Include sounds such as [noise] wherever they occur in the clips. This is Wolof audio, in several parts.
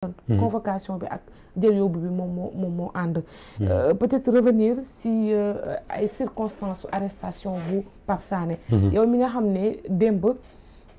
Mm-hmm. convocation bi ak jël yóbbu bi moom moo moom moo ànd mm-hmm. euh, peut-être revenir si euh, ay circonstances arrestation bu Pape Sané mm-hmm. yow mi nga xam ne démb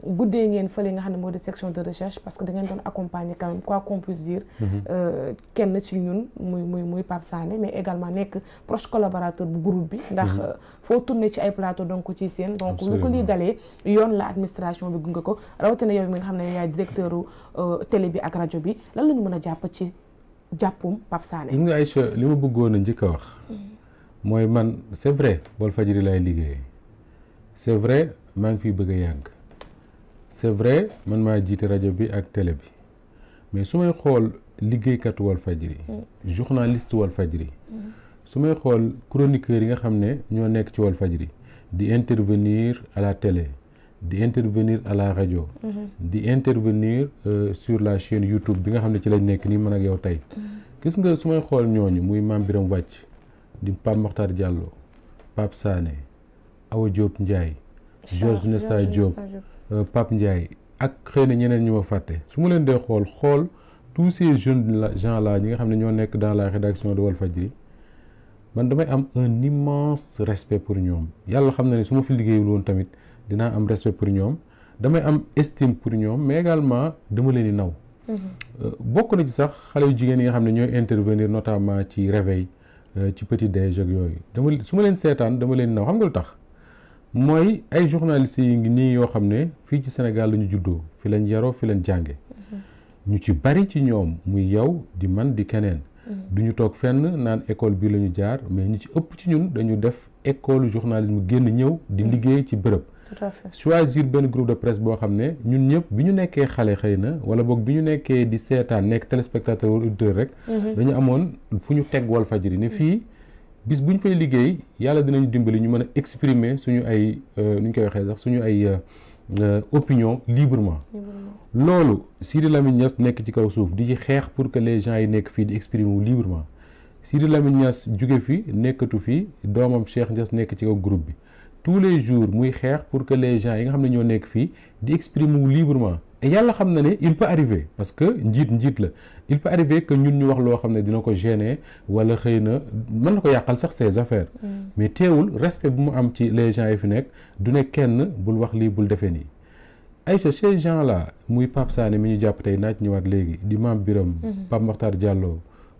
guddee ngeen fële nga xam ne moo di section de recherche parce que da ngeen doon accompagner quand même quoi qu'on mhm. euh, kenn ci ñun muy muy muy Pape Sané mais également nekk proche collaborateur bu groupe bi ndax mhm. euh, foo tourné ci ay plateau donc ci seen donc lu ko lii dalee yoon la administration bi gunge ko rawatina yow mi nga xam ne yaay directeur euh, télé bi ak rajo bi lan la mën a jàpp ci jàppum Pape Sané nga Aïcha li ma bëggoon a njëkk wax mhm. mooy man c'est vrai Walfadjri lay liggéeyee c'est vrai maa ngi fiy bëgg a yàgg c'est vrai man maa jiite rajo bi ak télé bi mais su may xool liggéeykatu wal mm. journaliste Walfadjri mm. su may xool chroniqueur yi nga xam ne ñoo nekk ci faj Walfadjri di intervenir àlla la télé di intervenir àlla rajo mm-hmm. di intervenir euh, sur la chaîne YouTube bi nga xam ne ci lañ nekk nii mën ak yow tey mm-hmm. gis nga su may xool ñooñu muy Mame Birame wàcc di Pape Mokhtar Diallo Pape Sané Awa Diop Ndiaye Georges Nesta Diop euh, Pape Ndiaye ak xëy na ñeneen ñu ma fàtte su ma leen dee xool xool tous ces la gens là ñi nga xam ne ñoo nekk dans la rédaction de Walfadjri man damay am un immense respect pour ñoom yàlla xam na ne su ma fi liggéeyul woon tamit dinaa am respect pour ñoom damay am estime pour ñoom mais également dama leen di naw. Mm-hmm. Euh, bokk na ci sax xale yu jigéen yi nga xam ne ñooy intervenir notament ci réveil euh, ci petit déj ak yooyu dama su ma leen seetaan dama leen naw xam lu tax. mooy ay journalistes yi ngi nii yoo xam ne fii ci Sénégal la ñu juddoo fi lañ yaroo fi leen jànge mm-hmm. ñu ci bari ci ñoom muy yow di man di keneen mm-hmm. du ñu toog fenn naan école bii la ñu jaar mais ñu ci ëpp ci ñun dañu def école journalisme génn ñëw di mm-hmm. liggéey ci bërëb choisir benn groupe de presse boo xam ne ñun ñëpp bi ñu nekkee xale xëy na wala boog bi ñu nekkee di seetaan nekk téléspectateur auditeur rek dañu amoon fu ñu teg Walfadjri ni fii bis bu ñu fay liggéey yàlla dinañ dimbali ñu mën a exprimer suñu ay euh, nu ñu koy waxee sax suñu ay euh, euh, opinion librement. loolu Sidi Lamine Niass nekk ci kaw suuf di ci xeex pour que les gens yi nekk fii di exprimer wu librement Sidi Lamine Niass jóge fi nekkatu fii doomam Cheikh Niass nekk ci kaw groupe bi tous les jours muy xeex pour que les gens yi nga xam ne ñoo nekk fii di exprimer wu librement. et yàlla xam na ne il peut arriver parce que njiit njiit la il peut arriver que ñun ñu wax loo xam ne dina ko gêner wala xëy na mën na ko yàqal sax ses affaires. Mm. mais teewul respect bu mu am ci les gens yi fi nekk du ne kenn bul wax lii bul defee nii. ay Aïcha ces gens la muy Pape Sané mi ñu jàpp tey naaj ñëwaat léegi di Mame Biram mm-hmm. Pape Makhtar Diallo.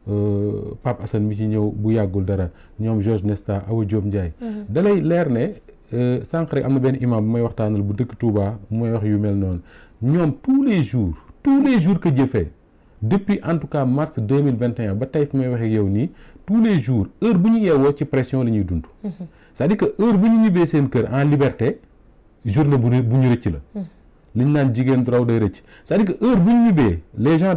Euh, Pape Assane mi ci ñëw bu yàggul dara ñoom Georges Nesta Awa Diop Ndiaye. Mm-hmm. da leer ne Euh, sànq rek am na benn imam bu may waxtaanal bu dëkk Touba bu may wax yu mel noonu ñoom tous les jours tous les jours que Dieu fait depuis en tout cas mars deux mille vingt et ba tey fi may waxee yow nii tous les jours heure bu ñu yeewoo ci pression la ñuy dund. c'est-à-dire que heure bu ñu ñibbee seen kër en liberté journée bu bu ñu rëcc la. li naan jigéen du raw day rëcc cest à heure bu ñu ñibbee les gens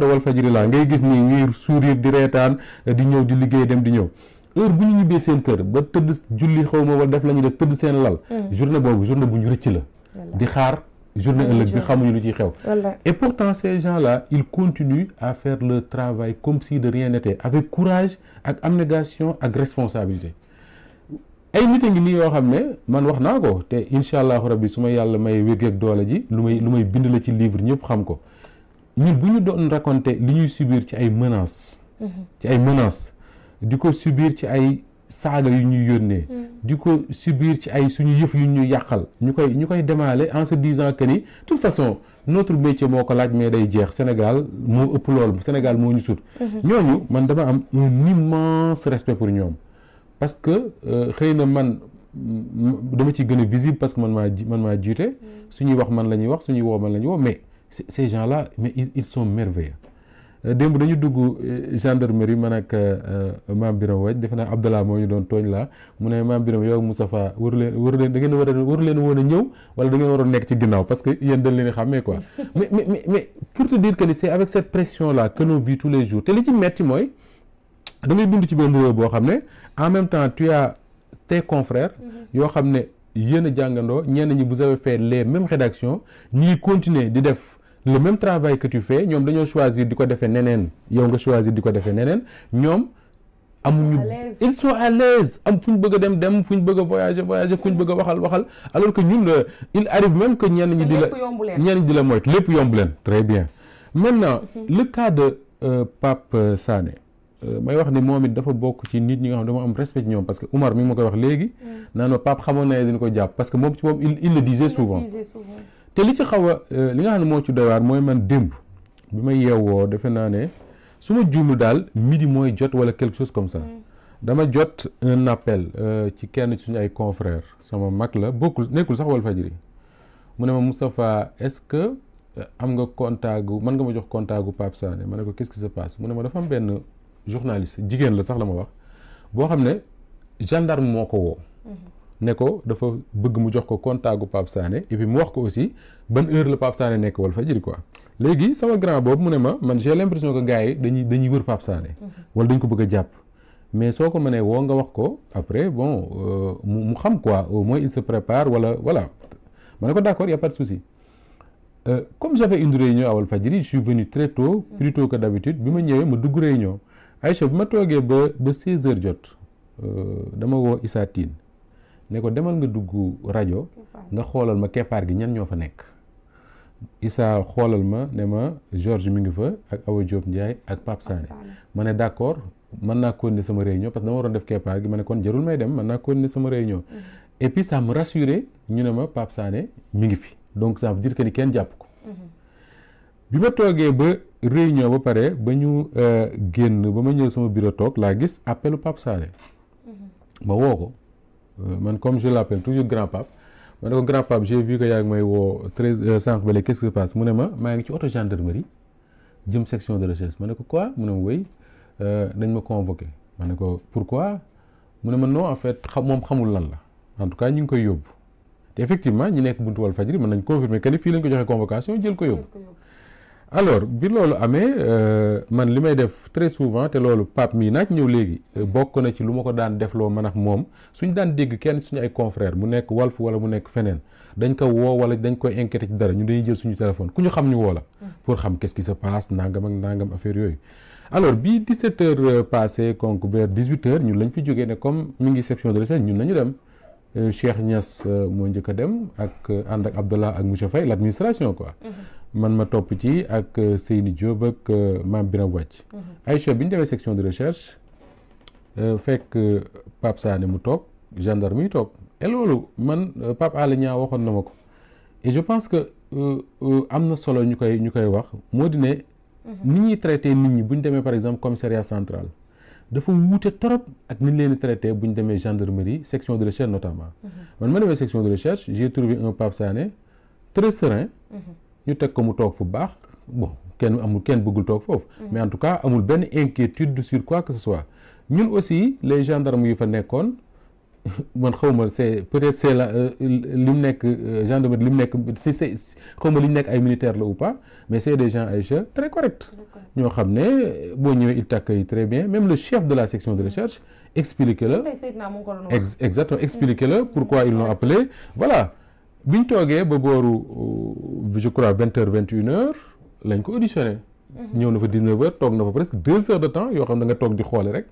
la ngay gis ni ñuy sourire di reetaan di ñëw di liggéey dem di ñëw. heure bu ñu ñibbee seen kër ba tëdd julli xaw ma wala def la ñuy def tëdd seen lal hmm. journée boobu journée bu ñu rëcc la di xaar journée ëllëg bi xamuñu lu ciy xew et pourtant ces gens là ils continuent à faire le travail comme si de rien n'était avec courage ak abnégation ak responsabilité ay nit a ngi nii yoo xam ne man wax naa ko te incha allahu rabbi su ma yàlla may wéggeeg doole ji lu may lu may bind la ci livre ñëpp xam ko ñun bu ñu doon raconter li subir ci ay menaces hmm. di ko subir ci ay saaga yu ñuy yónnee hmm. di ko subir ci ay suñu yëf yu ñu yàqal ñu koy ñu koy demaale en se disant que ni toute façon notre métier moo ko laaj mais day jeex Sénégal moo ëpp loolu Sénégal moo ñu sut hmm. ñooñu man dama am un immense respect pour ñoom parce que euh, xëy na man mm, dama ci gën a visible parce que man maa man maa jiite hmm. suñuy wax man la ñuy wax suñuy woo man la ñuy woo mais ces gens la mais ils sont merveilleux démb dañu dugg eh, gendarmerie man ak eh, eh, maam Biram Waj defe naa Abdallah moo ñu doon tooñ laa mu ne maam Biram yow Moustapha waru leen waru leen da ngeen war a waru leen woon a ñëw wala da ngeen waroon nekk ci ginnaaw parce que yéen dañ leen xàmmee quoi [laughs] mais mais pour te dire que ni c'est avec cette pression là que l'on vit tous les jours te li ci metti mooy da ngay dund ci benn réew boo xam ne en même temps tu as tes confrères mm-hmm. yoo xam ne yéen a jàngandoo ñenn ñi bu avez fait les mêmes rédactions ñuy continuer di def le même travail que tu fais ñoom dañoo choisir di ko defee neneen yow nga choisir di ko defee neneen ñoom. amuñu ils sont à l'aise am fu ñu bëgg dem dem fu ñu bëgg a voyager voyager ku ñu bëgg waxal waxal alors que ñun euh, il arrive même que ñenn ñi di la ñenn ñi di la moytu lépp yomb leen très bien maintenant mhm. le cas de euh, Pape euh, Sané may wax ni moom it dafa bokk ci nit ñi nga xam dama am respect ñoom parce que Umar mi ma koy wax léegi mm. naan ma Pape xamoon na dina ko jàpp que moom ci moom il le disait te li ci xaw a euh, li nga xam ne moo ci doy mooy man démb bi ma yeewoo defe naa ne su ma juumul daal midi mooy jot wala quelque chose comme ça mm. dama jot un appel euh, ci kenn suñu ay confrères sama mag la bokkul nekkul sax Walfadjri mu ne ma Moustapha est-ce que euh, am nga contact gu mën nga ma jox contact gu Pape Sané ma ne ko qu'est-ce qui se passe mu ne ma dafa am benn journaliste jigéen la sax la ma wax boo xam ne gendarme moo ko woo. Mm-hmm. ne ko dafa bëgg mu jox ko contact gu Pape Sané et puis mu wax ko aussi ban heure la Pape Sané nekk Walfadjri quoi léegi sama grand boobu mu ne ma man j'ai l'impression que gars yi dañuy dañuy wër Pape Sané mm-hmm. wala dañ ko bëgg a jàpp mais soo ko mënee woo nga wax ko après bon euh, mu xam quoi au moins il se prépare wala voilà ma ne ko d'accord y a pas de souci euh, comme j'avais une réunion à Walfadjri je suis venu très tôt mm-hmm. plus tôt que d'habitude bi ma ñëwee ma dugg réunion Aïcha bi ma toogee ba ba 16 heures jot euh, dama woo Issa ne ko demal nga dugg rajo nga xoolal ma keppaar gi ñan ñoo fa nekk Issa xoolal ma ne ma Georges mi ngi fa ak Awa Diop Ndiaye ak Pape Sané ma ne d'accord mën naa ne sama réunion parce que dama waroon def keppaar gi ma ne kon jarul may dem mën naa ne sama réunion mhm. et puis ça me ñu ne ma Pape Sané mi ngi fi donc ça veut dire ni kenn jàpp ko mhm. bi ma toogee ba réunion ba pare ba ñu euh, génn ba ma ñëw sama bureau toog laa gis appelu Pape mhm. ma woo ko Euh, man comme je l'appelle toujours grand pape ma ne ko grand pape j'ai vu que yaa ngi may woo treize euh, sànq ba léegi quest mu ne ma maa ngi ci auto gendarmerie jëm section de recherche ma ne ko quoi mu ne ma wéy euh, dañ ma convoqué ma ne ko pourquoi mu ne ma non en fait xam moom xamul lan la en tout cas ñu ngi koy yóbbu te effectivement ñi nekk buntu Walfadjri mën nañ confirmer que ni fii lañ ko joxee convocation jël ko yóbbu alors bi loolu amee euh, man li may def très souvent te loolu Pape mii naaj ñëw léegi euh, bokk na ci lu ma ko daan defloo man ak moom suñ daan dégg kenn suñu ay confrères mu nekk Walf wala mu nekk feneen dañ ko woo wala dañ koy inquiété ci dara ñu dañuy jël suñu téléphone ku ñu xam ñu woo la. Mm. pour xam qu'est-ce qui se passe nangam ak nangam affaire yooyu. alors bi 17 heures euh, passé donc vers 18 heures ñun lañ fi jógee ne comme mi ngi section de recherche nañu dem. Cheikh Niass moo njëkk a dem ak ànd ak Abdallah ak monsieur Faye l'administration quoi. Mm-hmm. man ma topp ci ak euh, Seyni Diop ak euh, Mame Birame Wàcc ay mhm. Aïcha bi ñu demee section de recherche euh, fekk Pape Sané mu toog gendarme yi toog et loolu man Pape Alé Niang waxoon na ma ko et je pense que am na solo ñu koy ñu koy wax moo di ne mhm. ni ñuy traité nit ñi buñ demee par exemple commissariat central dafa wuute trop ak ni ñu leen buñ demee gendarmerie section de recherche notamment mhm. man ma demee section de recherche j'ai trouvé un Pape Sané très serein ñu teg ko mu toog fu baax bon kenn amul kenn bëggul toog foofu mais en tout cas amul benn inquiétude sur quoi que ce soit ñun aussi les gendarmes yu fa nekkoon [laughs] man xawma c'est peut-être c'est la euh, li mu nekk euh, gendarmerie li mu nekk si c'est xawma li nekk ay militaires la ou pa mais c'est des gens ay jeunes ñoo xam ne boo ñëwee il très bien même le chef de la section de recherche explique la exactement explique la pourquoi ils l'ont appelé voilà bi ñu toogee ba góoru euh, je crois vingt heures vingt une heures lañ ko auditionné. Mhm. ñëw na fa dix neuf heures toog na fa presque deux heures de temps yoo xam ne nga toog di xoole rek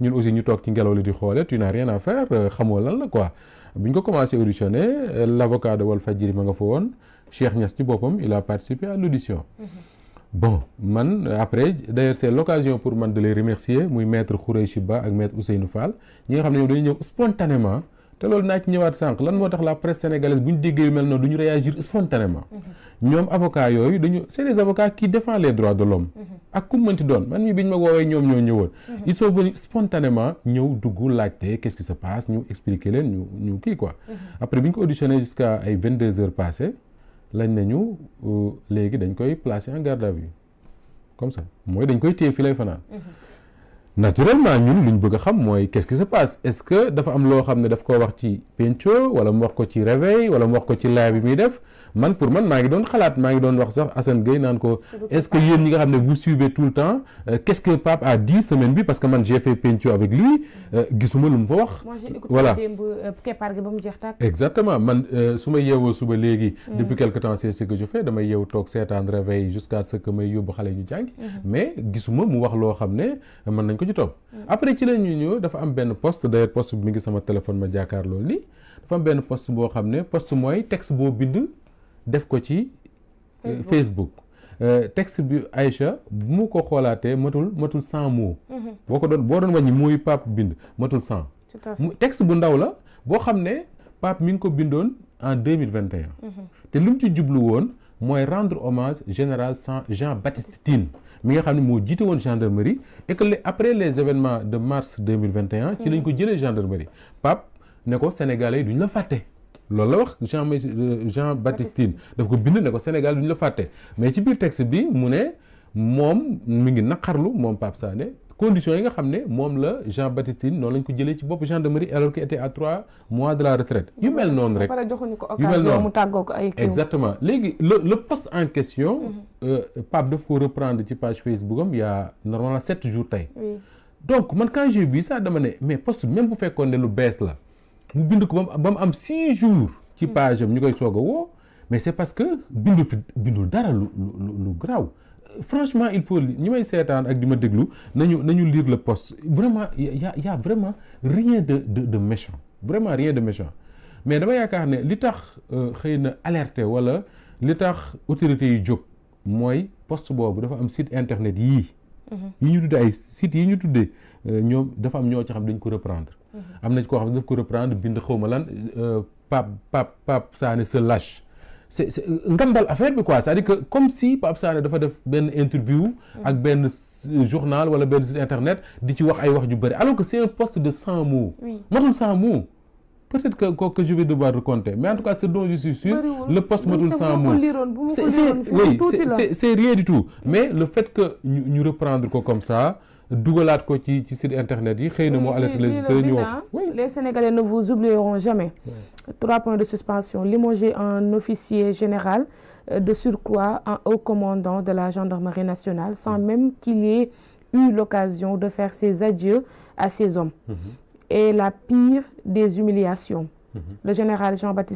ñun aussi ñu toog ci ngelaw li di xoole tu n'as rien à euh, xamoo lan la quoi. bi ñu ko commencé auditionné l' avocat de Walfadjri ma nga fa woon Cheikh Niass ci boppam il a participé à l' mhm. bon man après d' ailleurs c' pour man de les remercier muy maître Khoureychi Ba ak maître Ousseynou Fall nga xam ne ñoom dañuy ñëw te loolu naa ci ñëwaat sànq lan moo tax la presse sénégalaise bu ñu déggee yu mel noonu du ñu réagir spontanément mm-hmm. ñoom avocats yooyu dañu c'est des avocats qui défendent les droits de l'homme mm-hmm. ak ku mënti doon man mi bi ñu ma woowee ñoom ñoo ñëwoon mm-hmm. ils sont venus spontanément ñëw dugg laajte qu'est-ce qui se ñu expliquer leen ñu ñu kii quoi après bi ñu ko auditionné jusqu'à ay vingt deux heures passées lañ nañu euh, léegi dañ koy placer en garde à vue comme ça mooy dañ koy téye fi lay fanaan naturellement ñun li ñu bëgg a xam mooy que ce qui se passe est-ce que dafa am loo xam ne daf koo wax ci penco wala mu wax ko ci réveil wala mu wax ko ci laaj bi muy def. man pour man maa ngi doon xalaat maa ngi doon wax sax Assane Gueye naan ko est-ce que yéen ñi nga xam ne vous suivez tout le temps euh, qu'est-ce que Pape a dit semaine bi parce que man j'ai fait Pencco avec lui euh, gisuma lu mu fa wax. voilà euh, exactement man su ma yeewoo suba léegi. Mm. depuis quelque temps c'est ce que je fais damay yeewu toog seetaan réveil jusqu'à ce que may yóbbu xale ñu jàngi. Mm-hmm. mais gisuma mu wax loo xam ne mën nañ ko ci topp. Mm. après ci la ñu ñëw dafa am benn poste d'ailleurs poste mi ngi sama téléphone ma jàkkaarloo nii benn poste boo xam ne poste mooy texte boo bind. def ko ci euh, Facebook euh, texte bi Aïcha bu mu ko xoolaatee matul matul cent mots mhm. boo ko doon boo doon wàññi mooy Pape bind matul cent texte bu ndaw la boo xam ne Pape mi ngi ko bindoon en deux mille vingt et un mhm. te lu mu ci jublu woon mooy rendre hommage général Jean-Baptiste Tine mi nga xam ne moo jiite woon gendarmerie et que après les événements de mars deux mille vingt et ci mhm. lañ ko jëlee gendarmerie Pape ne ko sénégalais yi duñ la fàtte loolu la wax Jean euh, Jean Baptistine daf ko bind ne ko Sénégal duñ la fàtte mais ci biir texte bi mu ne moom mu ngi naqarlu moom Pape Sané condition yi nga xam ne moom la Jean Baptistine noonu lañ ko jëlee ci bopp gendarmerie alors qu'il était à trois mois de la retraite yu mel noonu rek yu mel noonu tàggoo ko ay exactement léegi le le poste en question mm-hmm. euh, Pape daf ko reprendre ci page Facebook am il y a normalement sept jours tey donc man quand j'ai vu ça dama ne mais poste même fekkoon ne lu bees la mu bind ko ba mu am six jour ci hmm. page am ñu koy soog a woo mais c'est parce que bindu fi bindul dara lu lu garaaw franchement il faut ñi may seetaan ak di ma déglu nañu nañu liir le post vraiment y a vraiment rien de de de méchant vraiment rien de mession mais dama yaakaar ne li tax euh, xëy na alerte wala li tax autorité yu jóg mooy post boobu dafa am site internet yii. Mm-hmm. yi ñu tuddee ay sites yi ñu tuddee euh, ñoom dafa am ñoo ci xam dañ ko reprendre. am nañ koo xam ne daf ko reprendre bind xaw ma lan euh, Pape Pape Pape Sané se lâche c'est c'est ngandal affaire bi quoi c'est-à-dire que comme si Pape Sané dafa def benn interview mm. ak benn journal wala benn site internet di ci wax ay wax ju bëri alors que c'est un poste de cent mots matul cent mots peut-être que que je vais devoir recompter mais en tout cas ce dont je suis le poste matul cent mots c'est c'est c'est tout mais le fait que ñu reprendre ko comme sa dugalaat ko ci ci site internet yi xëy na moo les les sénégalais ne vous oublieront jamais trois points de suspension limogé un officier général euh, de surcroît un haut commandant de la gendarmerie nationale sans mm-hmm. même qu'il ait eu l'occasion de faire ses adieux à ses hommes mm-hmm. et la pire des humiliations mm-hmm. le général Jean-Baptiste